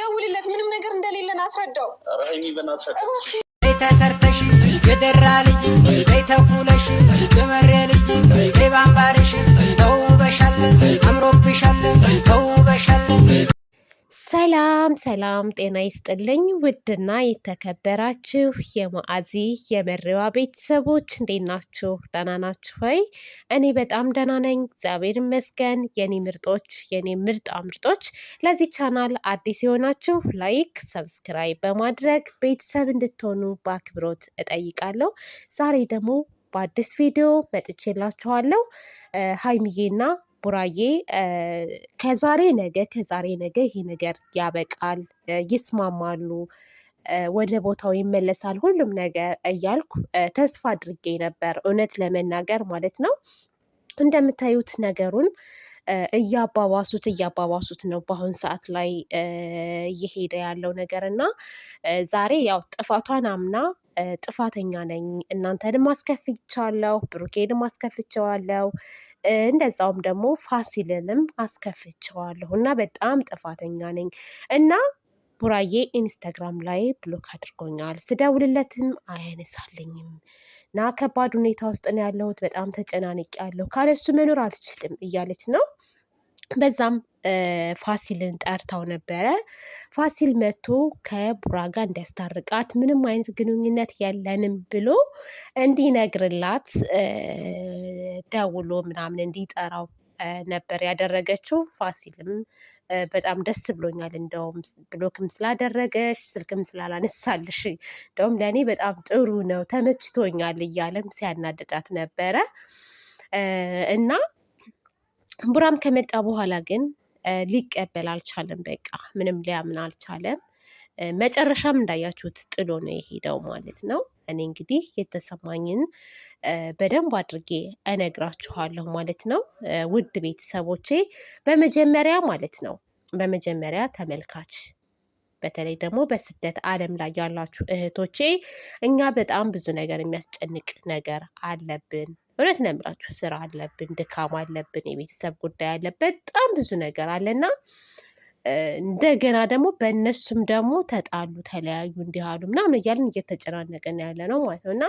ደውልለት፣ ምንም ነገር እንደሌለን አስረዳው። ተሰርተሽ የደራ ልጅ ተኩለሽ የመሬ ልጅ ባምባርሽ ተውበሻለን፣ አምሮብሻለን፣ ተውበሻለን። ሰላም ሰላም፣ ጤና ይስጥልኝ ውድና የተከበራችሁ የማአዚ የመሪዋ ቤተሰቦች እንዴት ናችሁ? ደህና ናችሁ ወይ? እኔ በጣም ደህና ነኝ፣ እግዚአብሔር ይመስገን። የኔ ምርጦች፣ የኔ ምርጣ ምርጦች፣ ለዚህ ቻናል አዲስ የሆናችሁ ላይክ፣ ሰብስክራይብ በማድረግ ቤተሰብ እንድትሆኑ በአክብሮት እጠይቃለሁ። ዛሬ ደግሞ በአዲስ ቪዲዮ መጥቼላችኋለሁ። ሀይሚዬና ቡራዬ ከዛሬ ነገ ከዛሬ ነገ ይሄ ነገር ያበቃል፣ ይስማማሉ፣ ወደ ቦታው ይመለሳል ሁሉም ነገር እያልኩ ተስፋ አድርጌ ነበር፣ እውነት ለመናገር ማለት ነው። እንደምታዩት ነገሩን እያባባሱት እያባባሱት ነው። በአሁን ሰዓት ላይ እየሄደ ያለው ነገር እና ዛሬ ያው ጥፋቷን አምና ጥፋተኛ ነኝ፣ እናንተንም አስከፍቻለሁ፣ ብሩኬንም አስከፍቼዋለሁ፣ እንደዛውም ደግሞ ፋሲልንም አስከፍቼዋለሁ እና በጣም ጥፋተኛ ነኝ እና ቡራዬ ኢንስታግራም ላይ ብሎክ አድርጎኛል። ስደውልለትም አያነሳልኝም እና ከባድ ሁኔታ ውስጥ ነው ያለሁት፣ በጣም ተጨናንቄ ያለሁ ካለሱ መኖር አልችልም እያለች ነው። በዛም ፋሲልን ጠርታው ነበረ። ፋሲል መጥቶ ከቡራ ጋር እንዲያስታርቃት ምንም አይነት ግንኙነት የለንም ብሎ እንዲነግርላት ደውሎ ምናምን እንዲጠራው ነበር ያደረገችው። ፋሲልም በጣም ደስ ብሎኛል፣ እንደውም ብሎክም ስላደረገሽ ስልክም ስላላነሳልሽ እንደውም ለእኔ በጣም ጥሩ ነው ተመችቶኛል እያለም ሲያናድዳት ነበረ እና ቡራም ከመጣ በኋላ ግን ሊቀበል አልቻለም። በቃ ምንም ሊያምን አልቻለም። መጨረሻም እንዳያችሁት ጥሎ ነው የሄደው ማለት ነው። እኔ እንግዲህ የተሰማኝን በደንብ አድርጌ እነግራችኋለሁ ማለት ነው፣ ውድ ቤተሰቦቼ። በመጀመሪያ ማለት ነው በመጀመሪያ ተመልካች በተለይ ደግሞ በስደት ዓለም ላይ ያላችሁ እህቶቼ እኛ በጣም ብዙ ነገር የሚያስጨንቅ ነገር አለብን። እውነት ነው የምላችሁ ስራ አለብን፣ ድካም አለብን፣ የቤተሰብ ጉዳይ አለ፣ በጣም ብዙ ነገር አለና እንደገና ደግሞ በእነሱም ደግሞ ተጣሉ፣ ተለያዩ፣ እንዲህ አሉ ምናምን እያልን እየተጨናነቅን ያለ ነው ማለት ነው እና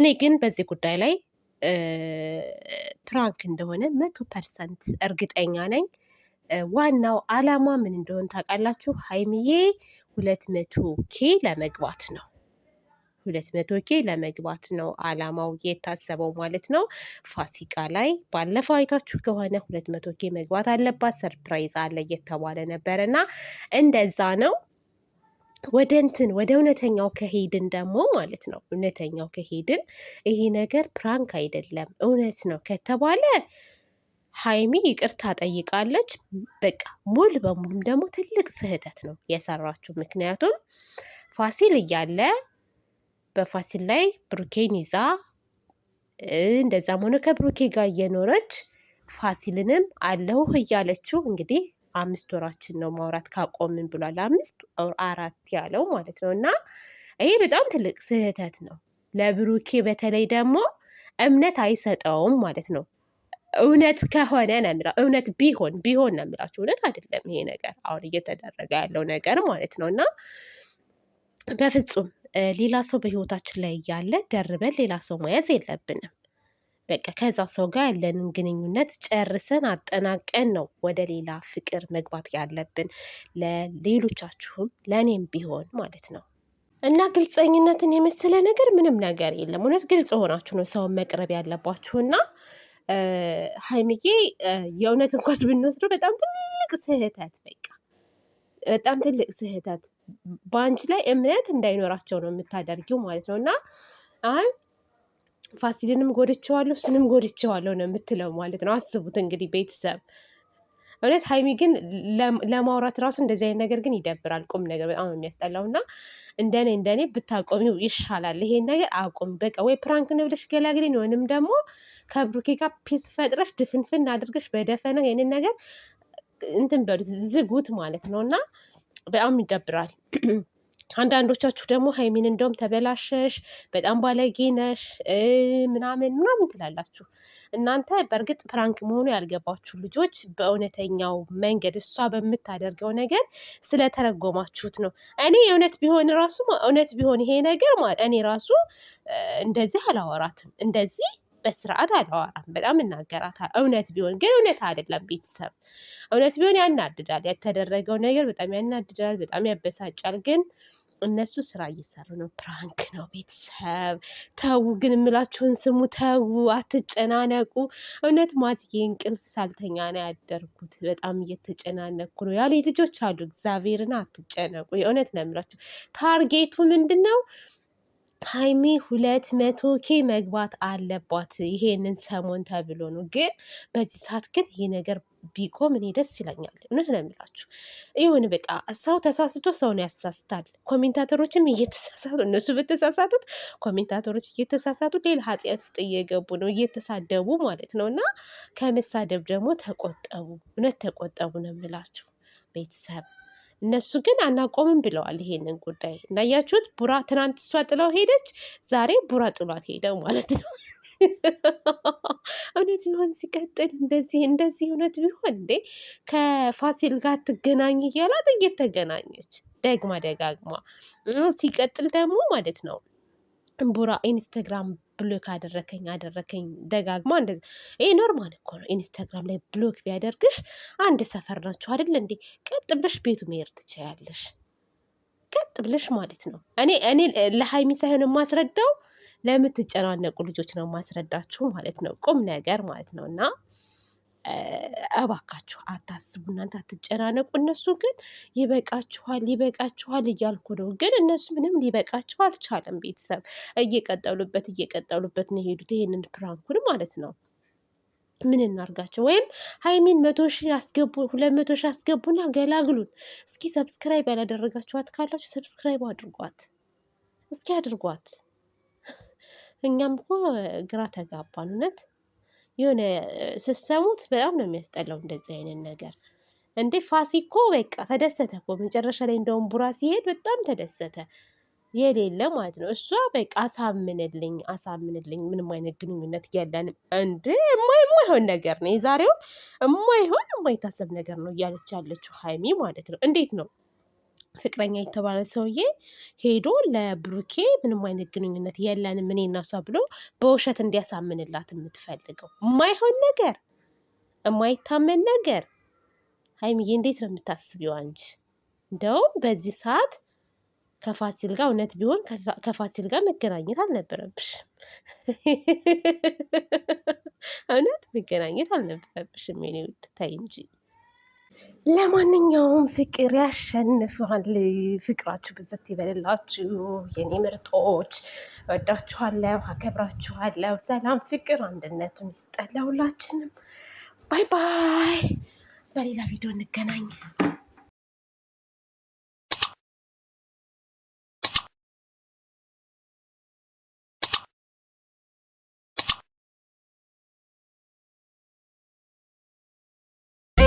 እኔ ግን በዚህ ጉዳይ ላይ ፕራንክ እንደሆነ መቶ ፐርሰንት እርግጠኛ ነኝ። ዋናው አላማ ምን እንደሆነ ታውቃላችሁ? ሀይሚዬ ሁለት መቶ ኬ ለመግባት ነው። ሁለት መቶ ኬ ለመግባት ነው አላማው የታሰበው ማለት ነው። ፋሲካ ላይ ባለፈው አይታችሁ ከሆነ ሁለት መቶ ኬ መግባት አለባት ሰርፕራይዝ አለ እየተባለ ነበር እና እንደዛ ነው። ወደ እንትን ወደ እውነተኛው ከሄድን ደግሞ ማለት ነው እውነተኛው ከሄድን ይሄ ነገር ፕራንክ አይደለም እውነት ነው ከተባለ ሀይሚ ይቅርታ ጠይቃለች። በቃ ሙሉ በሙሉም ደግሞ ትልቅ ስህተት ነው የሰራችው። ምክንያቱም ፋሲል እያለ በፋሲል ላይ ብሩኬን ይዛ እንደዛም ሆነ ከብሩኬ ጋር እየኖረች ፋሲልንም አለሁ እያለችው እንግዲህ አምስት ወራችን ነው ማውራት ካቆምን ብሏል። አምስት አራት ያለው ማለት ነው። እና ይሄ በጣም ትልቅ ስህተት ነው። ለብሩኬ በተለይ ደግሞ እምነት አይሰጠውም ማለት ነው። እውነት ከሆነ ነው የምላው እውነት ቢሆን ቢሆን ነው እውነት አይደለም ይሄ ነገር አሁን እየተደረገ ያለው ነገር ማለት ነው እና በፍጹም ሌላ ሰው በህይወታችን ላይ እያለ ደርበን ሌላ ሰው መያዝ የለብንም። በቃ ከዛ ሰው ጋር ያለንን ግንኙነት ጨርሰን አጠናቀን ነው ወደ ሌላ ፍቅር መግባት ያለብን። ለሌሎቻችሁም ለእኔም ቢሆን ማለት ነው። እና ግልጸኝነትን የመሰለ ነገር ምንም ነገር የለም። እውነት ግልጽ ሆናችሁ ነው ሰውን መቅረብ ያለባችሁና ሀይሚዬ የእውነት እንኳስ ብንወስደው በጣም ትልቅ ስህተት በቃ በጣም ትልቅ ስህተት በአንቺ ላይ እምነት እንዳይኖራቸው ነው የምታደርጊው ማለት ነው እና አሁን ፋሲልንም ጎድቸዋለሁ ስንም ጎድቸዋለሁ ነው የምትለው ማለት ነው። አስቡት እንግዲህ ቤተሰብ እውነት ሀይሚ ግን ለማውራት ራሱ እንደዚህ አይነት ነገር ግን ይደብራል። ቁም ነገር በጣም የሚያስጠላው እና እንደኔ እንደኔ ብታቆሚው ይሻላል። ይሄን ነገር አቁም በቃ። ወይ ፕራንክ ንብለሽ ገላግሌን፣ ወይንም ደግሞ ከብሩኬ ጋር ፒስ ፈጥረሽ ድፍንፍን አድርገሽ በደፈነው ይሄንን ነገር እንትን በሉት ዝጉት ማለት ነው እና በጣም ይደብራል። አንዳንዶቻችሁ ደግሞ ሀይሚን እንደውም ተበላሸሽ፣ በጣም ባለጌ ነሽ ምናምን ምናምን ትላላችሁ። እናንተ በእርግጥ ፕራንክ መሆኑ ያልገባችሁ ልጆች በእውነተኛው መንገድ እሷ በምታደርገው ነገር ስለተረጎማችሁት ነው። እኔ እውነት ቢሆን ራሱ እውነት ቢሆን ይሄ ነገር እኔ ራሱ እንደዚህ አላወራትም እንደዚህ በስርዓት አላወራም። በጣም እናገራታል። እውነት ቢሆን ግን እውነት አይደለም። ቤተሰብ እውነት ቢሆን ያናድዳል። የተደረገው ነገር በጣም ያናድዳል፣ በጣም ያበሳጫል። ግን እነሱ ስራ እየሰሩ ነው። ፕራንክ ነው። ቤተሰብ ተዉ፣ ግን የምላችሁን ስሙ። ተዉ፣ አትጨናነቁ። እውነት ማዝዬ እንቅልፍ ሳልተኛ ነው ያደርኩት። በጣም እየተጨናነኩ ነው ያለ ልጆች አሉ። እግዚአብሔርን አትጨነቁ። የእውነት ነው የምላችሁ። ታርጌቱ ምንድን ነው? ሀይሚ ሁለት መቶ ኬ መግባት አለባት ይሄንን ሰሞን ተብሎ ነው። ግን በዚህ ሰዓት ግን ይህ ነገር ቢቆም እኔ ደስ ይለኛል። እውነት ነው የምላችሁ። ይሁን በቃ ሰው ተሳስቶ ሰውን ያሳስታል። ኮሜንታተሮችም እየተሳሳቱ እነሱ በተሳሳቱት ኮሜንታተሮች እየተሳሳቱ ሌላ ኃጢአት ውስጥ እየገቡ ነው፣ እየተሳደቡ ማለት ነው። እና ከመሳደብ ደግሞ ተቆጠቡ፣ እውነት ተቆጠቡ ነው የምላችሁ ቤተሰብ እነሱ ግን አናቆምም ብለዋል ይሄንን ጉዳይ። እንዳያችሁት ቡራ ትናንት እሷ ጥለው ሄደች፣ ዛሬ ቡራ ጥሏት ሄደ ማለት ነው። እውነት ቢሆን ሲቀጥል እንደዚህ እንደዚህ እውነት ቢሆን እንዴ ከፋሲል ጋር ትገናኝ እያላት እየተገናኘች ደግማ ደጋግማ ሲቀጥል ደግሞ ማለት ነው ቡራ ኢንስታግራም ብሎክ አደረከኝ አደረከኝ ደጋግማ እንደዚ። ይሄ ኖርማል እኮ ነው። ኢንስታግራም ላይ ብሎክ ቢያደርግሽ አንድ ሰፈር ናቸው አይደል እንዴ? ቀጥ ብለሽ ቤቱ መሄድ ትችያለሽ። ቀጥ ብለሽ ማለት ነው። እኔ እኔ ለሀይሚ ሳይሆን የማስረዳው ለምትጨናነቁ ልጆች ነው የማስረዳችሁ ማለት ነው። ቁም ነገር ማለት ነው እና እባካችሁ አታስቡ፣ እናንተ አትጨናነቁ። እነሱ ግን ይበቃችኋል፣ ይበቃችኋል እያልኩ ነው። ግን እነሱ ምንም ሊበቃቸው አልቻለም። ቤተሰብ እየቀጠሉበት እየቀጠሉበት ነው የሄዱት ይሄንን ፕራንኩን ማለት ነው። ምን እናርጋቸው? ወይም ሀይሚን መቶ ሺ አስገቡ፣ ሁለት መቶ ሺ አስገቡና ገላግሉን። እስኪ ሰብስክራይብ ያላደረጋችኋት ካላችሁ ሰብስክራይብ አድርጓት፣ እስኪ አድርጓት። እኛም እኮ ግራ ተጋባን እውነት። የሆነ ስሰሙት በጣም ነው የሚያስጠላው እንደዚህ አይነት ነገር። እንዴ ፋሲ እኮ በቃ ተደሰተ እኮ መጨረሻ ላይ እንደውም ቡራ ሲሄድ በጣም ተደሰተ። የሌለ ማለት ነው። እሷ በቃ አሳምንልኝ አሳምንልኝ፣ ምንም አይነት ግንኙነት እያለንም እንደ የማይሆን ነገር ነው የዛሬው፣ የማይሆን የማይታሰብ ነገር ነው እያለች ያለችው ሀይሚ ማለት ነው። እንዴት ነው ፍቅረኛ የተባለ ሰውዬ ሄዶ ለብሩኬ ምንም አይነት ግንኙነት የለንም እኔ ናሷ ብሎ በውሸት እንዲያሳምንላት የምትፈልገው የማይሆን ነገር፣ የማይታመን ነገር። ሀይሚዬ እንዴት ነው የምታስቢው አንቺ? እንደውም በዚህ ሰዓት ከፋሲል ጋር እውነት ቢሆን ከፋሲል ጋር መገናኘት አልነበረብሽም። እውነት መገናኘት አልነበረብሽም። የኔ ውድ ታይ እንጂ ለማንኛውም ፍቅር ያሸንፋል። ፍቅራችሁ ብዝት ይበልላችሁ የኔ ምርጦች፣ ወዳችኋለሁ፣ አከብራችኋለሁ። ሰላም፣ ፍቅር፣ አንድነት ይስጠን ለሁላችንም። ባይ ባይ። በሌላ ቪዲዮ እንገናኝ።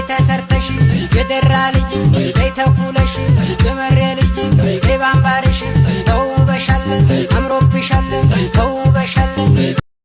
ተሰርተሽ የደራ ልጅ በይተኩለሽ